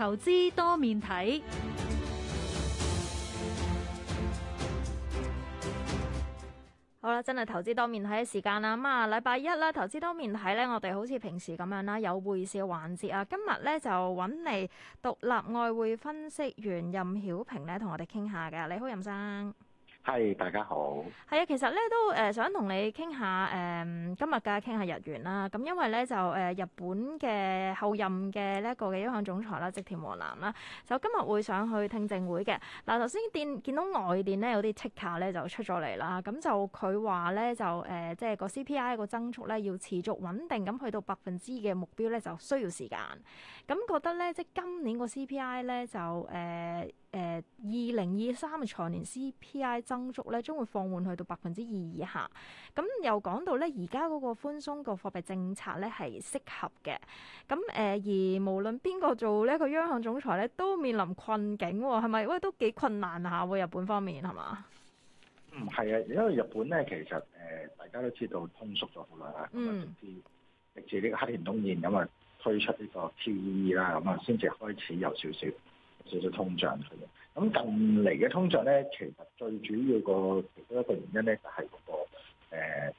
投資多面睇，好啦，真係投資多面睇嘅時間啦。咁啊，禮拜一啦，投資多面睇呢，我哋好似平時咁樣啦，有匯市嘅環節啊。今日呢，就揾嚟獨立外匯分析員任曉平呢，同我哋傾下嘅。你好，任生。係，Hi, 大家好。係啊，其實咧都誒、呃、想同你傾下誒今談談日嘅傾下日元啦。咁、嗯、因為咧就誒、呃、日本嘅後任嘅呢一個嘅央行總裁啦，即田和男，啦，就今日會上去聽證會嘅。嗱頭先電見到外電咧有啲即刻咧就出咗嚟啦。咁就佢話咧就誒即係個 CPI 個增速咧要持續穩定咁去到百分之二嘅目標咧就需要時間。咁、嗯、覺得咧即係今年個 CPI 咧就誒誒二零二三嘅財年 CPI。增速咧將會放緩去到百分之二以下，咁又講到咧而家嗰個寬鬆個貨幣政策咧係適合嘅，咁誒而無論邊個做呢一個央行總裁咧都面臨困境喎，係咪？喂，都幾困難下喎，日本方面係嘛？嗯，係啊，因為日本咧其實誒大家都知道通縮咗好耐啦，嗯、直至直至呢個黑田東彥咁啊推出呢個 QE 啦，咁啊先至開始有少少有少少通脹。咁近嚟嘅通脹咧，其實最主要個其中一個原因咧、那個，就係嗰個誒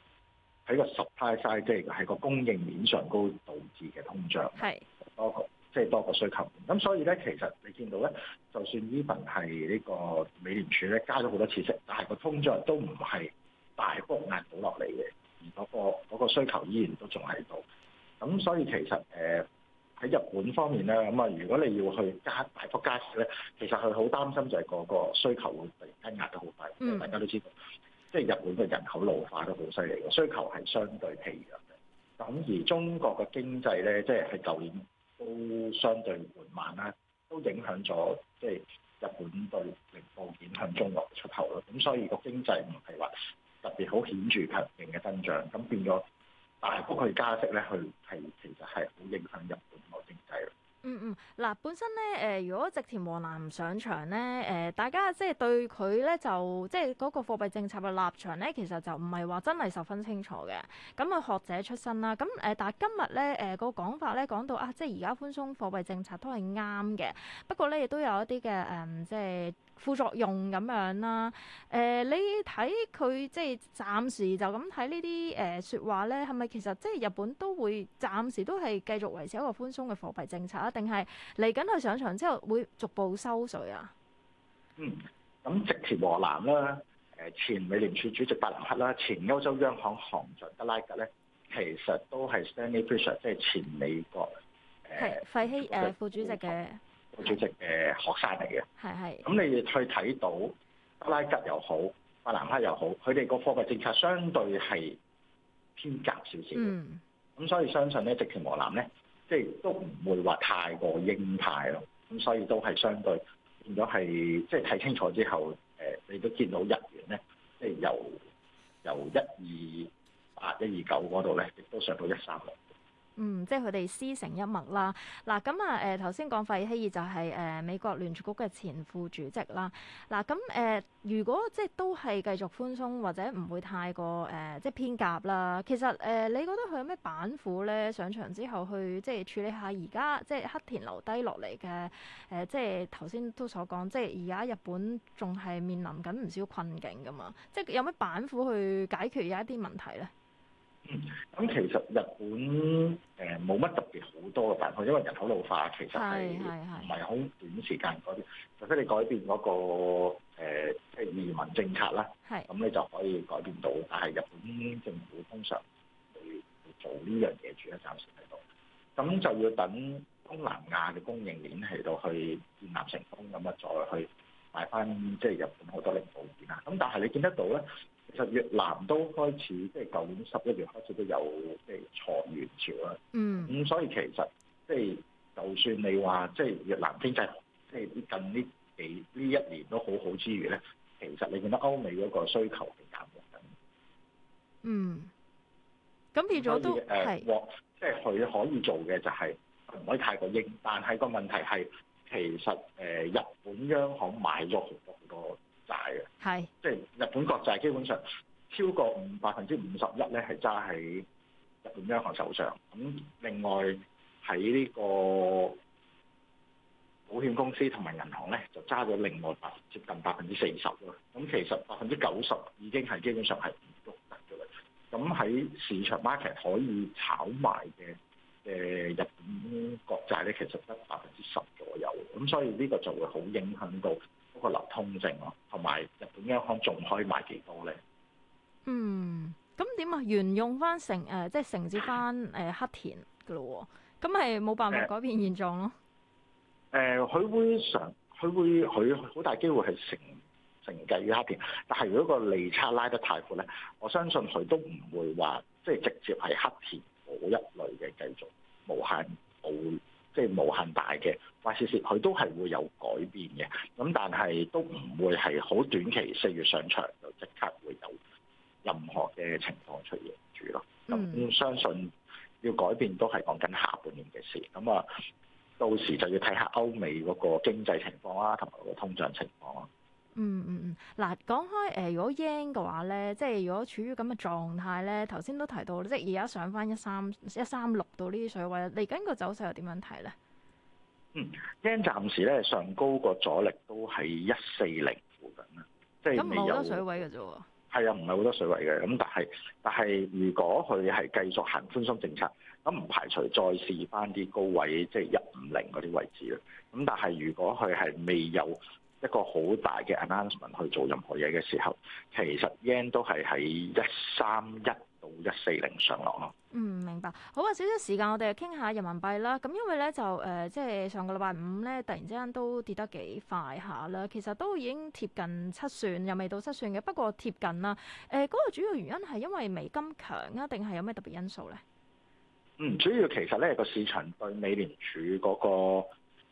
喺個 supply side 即係係個供應面上高導致嘅通脹。係是多個即係、就是、多個需求。咁所以咧，其實你見到咧，就算呢份係呢個美聯儲咧加咗好多次息，但係個通脹都唔係大幅壓倒落嚟嘅，而嗰、那個那個需求依然都仲喺度。咁所以其實誒。呃喺日本方面咧，咁啊，如果你要去加，大幅加息咧，其實佢好擔心就係 𠮶 個需求會突然間壓得好快。嗯。大家都知道，即係日本嘅人口老化都好犀利嘅，需求係相對疲弱嘅。咁而中國嘅經濟咧，即係係舊年都相對緩慢啦，都影響咗即係日本對零部件向中國出口咯。咁所以個經濟唔係話特別好顯著強勁嘅增長，咁變咗。大幅佢加息咧，佢係其實係好影響日本個經濟咯。嗯嗯，嗱本身咧，誒如果植田和男唔上場咧，誒大家即係對佢咧就即係嗰個貨幣政策嘅立場咧，其實就唔係話真係十分清楚嘅。咁佢學者出身啦，咁誒但係今日咧誒個講法咧講到啊，即係而家寬鬆貨幣政策都係啱嘅。不過咧亦都有一啲嘅誒，即、嗯、係。就是副作用咁樣啦，誒、呃、你睇佢即係暫時就咁睇呢啲誒説話咧，係咪其實即係日本都會暫時都係繼續維持一個寬鬆嘅貨幣政策啊？定係嚟緊佢上場之後會逐步收水啊？嗯，咁前河南啦，誒、呃、前美聯儲主席伯南克啦，前歐洲央行行長德拉格咧，其實都係 Stanley Fischer，即係前美國誒費希誒副主席嘅。主席嘅學生嚟嘅，係係。咁 你去睇到德拉吉又好，法蘭克又好，佢哋個貨幣政策相對係偏緊少少。嗯。咁 所以相信咧，直情俄蘭咧，即係都唔會話太過鷹派咯。咁所以都係相對變咗係，即係睇清楚之後，誒、呃，你都見到日元咧，即係由由一二八、一二九嗰度咧，亦都上到一三六。嗯，即係佢哋師成一脈啦。嗱，咁啊，誒頭先講費希爾就係、是、誒、呃、美國聯儲局嘅前副主席啦。嗱、啊，咁、呃、誒如果即係都係繼續寬鬆或者唔會太過誒、呃、即係偏鴿啦。其實誒、呃，你覺得佢有咩板斧咧，上場之後去即係處理下而家即係黑田留低落嚟嘅誒，即係頭先都所講，即係而家日本仲係面臨緊唔少困境噶嘛。即係有咩板斧去解決一啲問題咧？咁其實日本誒冇乜特別好多嘅辦法，因為人口老化其實係唔係好短時間改變，除非你改變嗰個、呃、即係移民政策啦，係咁是你就可以改變到。但係日本政府通常會做呢樣嘢，住一暫時喺度。咁就要等東南亞嘅供應鏈喺到去建立成功，咁啊再去買翻即係日本好多零部件啊。咁但係你見得到咧？其實越南都開始，即係舊年十一月開始都有即係裁員潮啦。嗯。咁、嗯、所以其實即係、就是、就算你話即係越南經濟即係近呢幾呢一年都好好之餘咧，其實你見到歐美嗰個需求係減緊。嗯。咁變咗都誒，呃、是即係佢可以做嘅就係唔可以太過應，但係個問題係其實誒、呃、日本央行買咗好多好多。大嘅，係即係日本國債基本上超過五百分之五十一咧，係揸喺日本央行手上。咁另外喺呢個保險公司同埋銀行咧，就揸咗另外接近百分之四十咯。咁其實百分之九十已經係基本上係唔郁得嘅。咁喺市場 market 可以炒賣嘅嘅日本國債咧，其實得百分之十左右。咁所以呢個就會好影響到。個流通性咯，同埋日本央行仲可以買幾多咧？嗯，咁點啊？沿用翻承誒，即係承接翻誒黑田嘅咯喎，咁係冇辦法改變現狀咯。誒、呃，佢、呃、會嘗，佢會佢好大機會係承承繼於黑田，但係如果個利差拉得太闊咧，我相信佢都唔會話即係直接係黑田嗰一類嘅繼續無限補。無限大嘅，話是是，佢都係會有改變嘅。咁但係都唔會係好短期，四月上場就即刻會有任何嘅情況出現住咯。咁相信要改變都係講緊下半年嘅事。咁啊，到時就要睇下歐美嗰個經濟情況啦，同埋個通脹情況啦、嗯。嗯嗯嗯，嗱，講開誒、呃，如果 yen 嘅話咧，即係如果處於咁嘅狀態咧，頭先都提到，即係而家上翻一三一三六到呢啲水位，嚟緊個走勢又點樣睇咧？嗯，Yen 暫時咧，上高個阻力都喺一四零附近啦，即係未有水位嘅啫喎。係啊，唔係好多水位嘅，咁但係但係如果佢係繼續行寬鬆政策，咁唔排除再試翻啲高位，即係一五零嗰啲位置啦。咁但係如果佢係未有一個好大嘅 announcement 去做任何嘢嘅時候，其實 Yen 都係喺一三一到一四零上落咯。嗯，明白。好啊，少少時間，我哋又傾下人民幣啦。咁因為咧就誒、呃，即係上個禮拜五咧，突然之間都跌得幾快下啦。其實都已經貼近七算，又未到七算嘅。不過貼近啦。誒、呃，嗰、那個主要原因係因為美金強啊，定係有咩特別因素咧？嗯，主要其實咧個市場對美聯儲嗰、那個。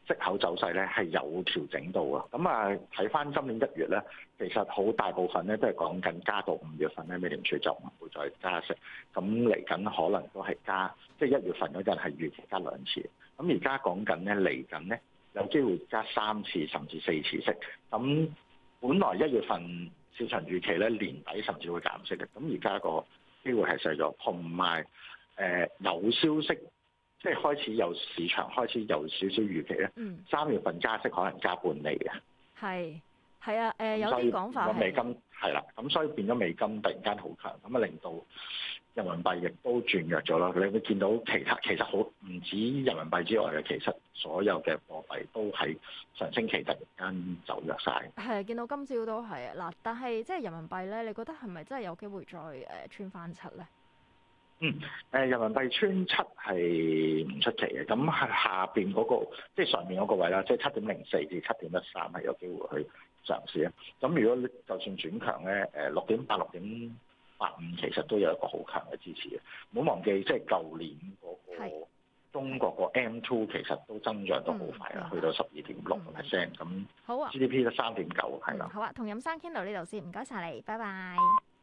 息口走勢咧係有調整到啊，咁啊睇翻今年一月咧，其實好大部分咧都係講緊加到五月份咧，美聯儲就唔會再加息。咁嚟緊可能都係加，即係一月份嗰陣係預期加兩次。咁而家講緊咧嚟緊咧有機會加三次甚至四次息。咁本來一月份市場預期咧年底甚至會減息嘅，咁而家個機會係細咗，同埋誒有消息。即係開始由市場開始有少少預期咧，嗯、三月份加息可能加半厘。嘅。係係啊，誒、呃、以有啲講法美金係啦，咁、啊、所以變咗美金突然間好強，咁啊令到人民幣亦都轉弱咗咯。你會見到其他其實好唔止人民幣之外嘅，其實所有嘅貨幣都係上星期突然間走弱晒。係、啊、見到今朝都係啊！嗱，但係即係人民幣咧，你覺得係咪真係有機會再誒、呃、穿翻七咧？嗯，誒、呃、人民幣穿七係唔出奇嘅，咁係下邊嗰、嗰個，即係上面嗰個位啦，即係七點零四至七點一三係有機會去嘗試啊。咁如果就算轉強咧，誒，六點八六點八五其實都有一個好強嘅支持嘅。唔好忘記，即係舊年嗰、嗰個中是國個 M2 其實都增長都好快啦，嗯、去到十二點六個 percent。咁 GDP 咧三點九係啦。9，好啊，同任生傾到呢度先。唔該晒你，拜拜。